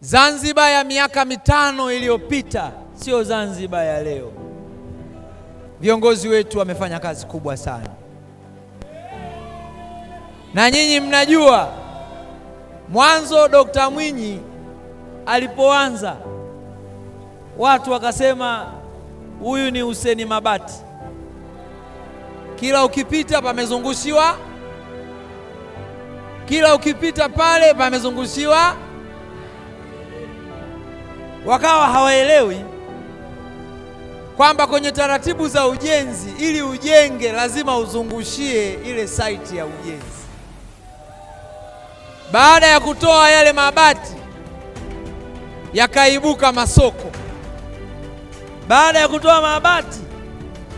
Zanzibar ya miaka mitano iliyopita sio Zanzibar ya leo. Viongozi wetu wamefanya kazi kubwa sana, na nyinyi mnajua mwanzo Dokta Mwinyi alipoanza watu wakasema huyu ni huseni Mabati, kila ukipita pamezungushiwa, kila ukipita pale pamezungushiwa wakawa hawaelewi kwamba kwenye taratibu za ujenzi, ili ujenge lazima uzungushie ile saiti ya ujenzi. Baada ya kutoa yale mabati, yakaibuka masoko. Baada ya kutoa mabati,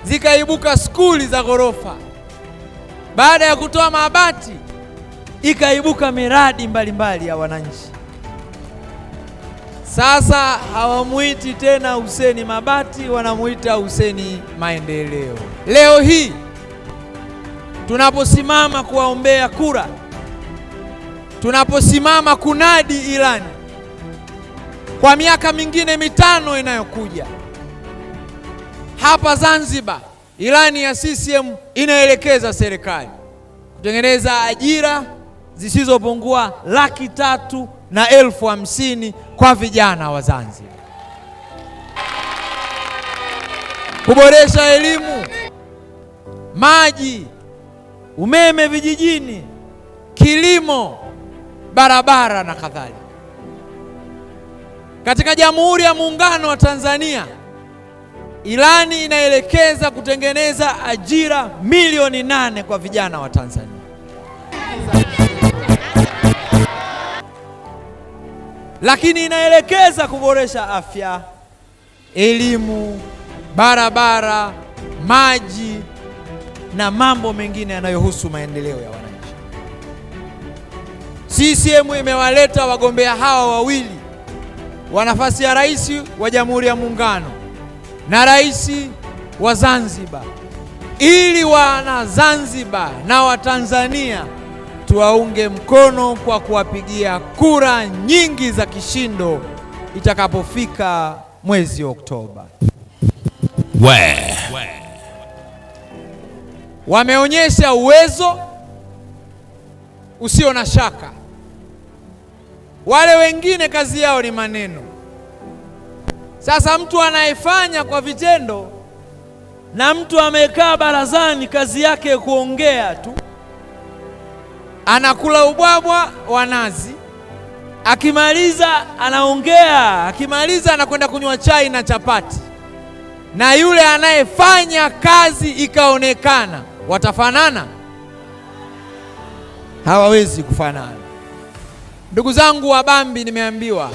zikaibuka skuli za ghorofa. Baada ya kutoa mabati, ikaibuka miradi mbalimbali mbali ya wananchi. Sasa hawamwiti tena Huseni Mabati, wanamwita Huseni Maendeleo. Leo hii tunaposimama kuwaombea kura, tunaposimama kunadi ilani kwa miaka mingine mitano inayokuja hapa Zanzibar, ilani ya CCM inaelekeza serikali kutengeneza ajira zisizopungua laki tatu na elfu hamsini kwa vijana wa Zanzibar. Kuboresha elimu, maji, umeme vijijini, kilimo, barabara na kadhalika. Katika Jamhuri ya Muungano wa Tanzania, ilani inaelekeza kutengeneza ajira milioni nane kwa vijana wa Tanzania. lakini inaelekeza kuboresha afya, elimu, barabara, maji na mambo mengine yanayohusu maendeleo ya wananchi. CCM imewaleta wagombea hawa wawili wa nafasi ya rais wa Jamhuri ya Muungano na rais wa Zanzibar ili wana Zanzibar na Watanzania tuwaunge mkono kwa kuwapigia kura nyingi za kishindo itakapofika mwezi Oktoba. wameonyesha uwezo usio na shaka. Wale wengine kazi yao ni maneno. Sasa mtu anayefanya kwa vitendo na mtu amekaa barazani kazi yake kuongea tu anakula ubwabwa wa nazi, akimaliza anaongea, akimaliza anakwenda kunywa chai na chapati. Na yule anayefanya kazi ikaonekana, watafanana? Hawawezi kufanana. Ndugu zangu wa Bambi, nimeambiwa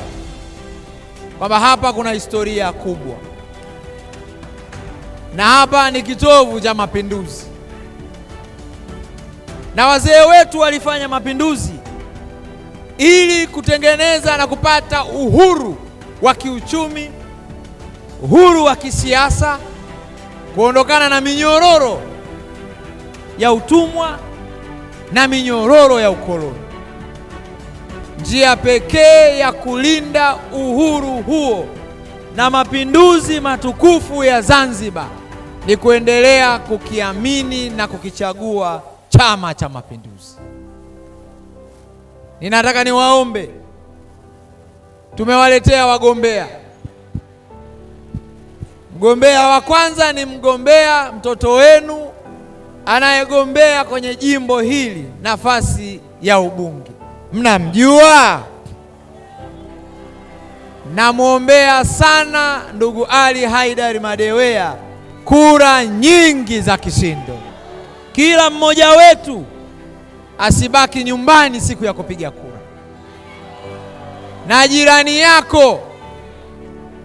kwamba hapa kuna historia kubwa na hapa ni kitovu cha mapinduzi na wazee wetu walifanya mapinduzi ili kutengeneza na kupata uhuru wa kiuchumi, uhuru wa kisiasa, kuondokana na minyororo ya utumwa na minyororo ya ukoloni. Njia pekee ya kulinda uhuru huo na mapinduzi matukufu ya Zanzibar ni kuendelea kukiamini na kukichagua Chama cha Mapinduzi. Ninataka niwaombe, tumewaletea wagombea. Mgombea wa kwanza ni mgombea mtoto wenu anayegombea kwenye jimbo hili nafasi ya ubunge, mnamjua, namwombea sana ndugu Ali Haidari Madewea kura nyingi za kishindo. Kila mmoja wetu asibaki nyumbani siku ya kupiga kura, na jirani yako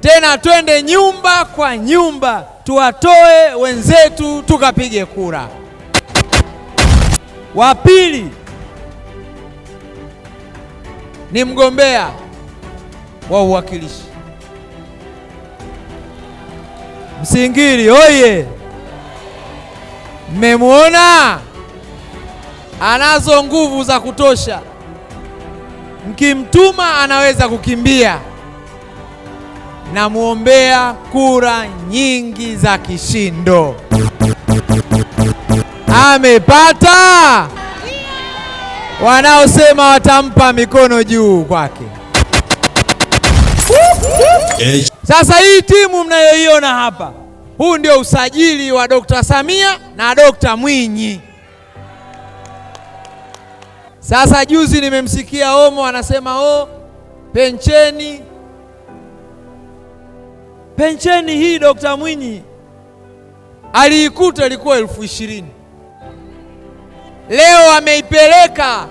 tena. Twende nyumba kwa nyumba, tuwatoe wenzetu tukapige kura. Wa pili ni mgombea wa uwakilishi Msingiri oye! Mmemwona, anazo nguvu za kutosha. Mkimtuma anaweza kukimbia. Namwombea kura nyingi za kishindo. Amepata. Wanaosema watampa mikono juu kwake. Sasa hii timu mnayoiona hapa huu ndio usajili wa Dr. Samia na Dr. Mwinyi. Sasa juzi nimemsikia Omo anasema o, pencheni pencheni hii Dr. Mwinyi aliikuta ilikuwa elfu ishirini leo ameipeleka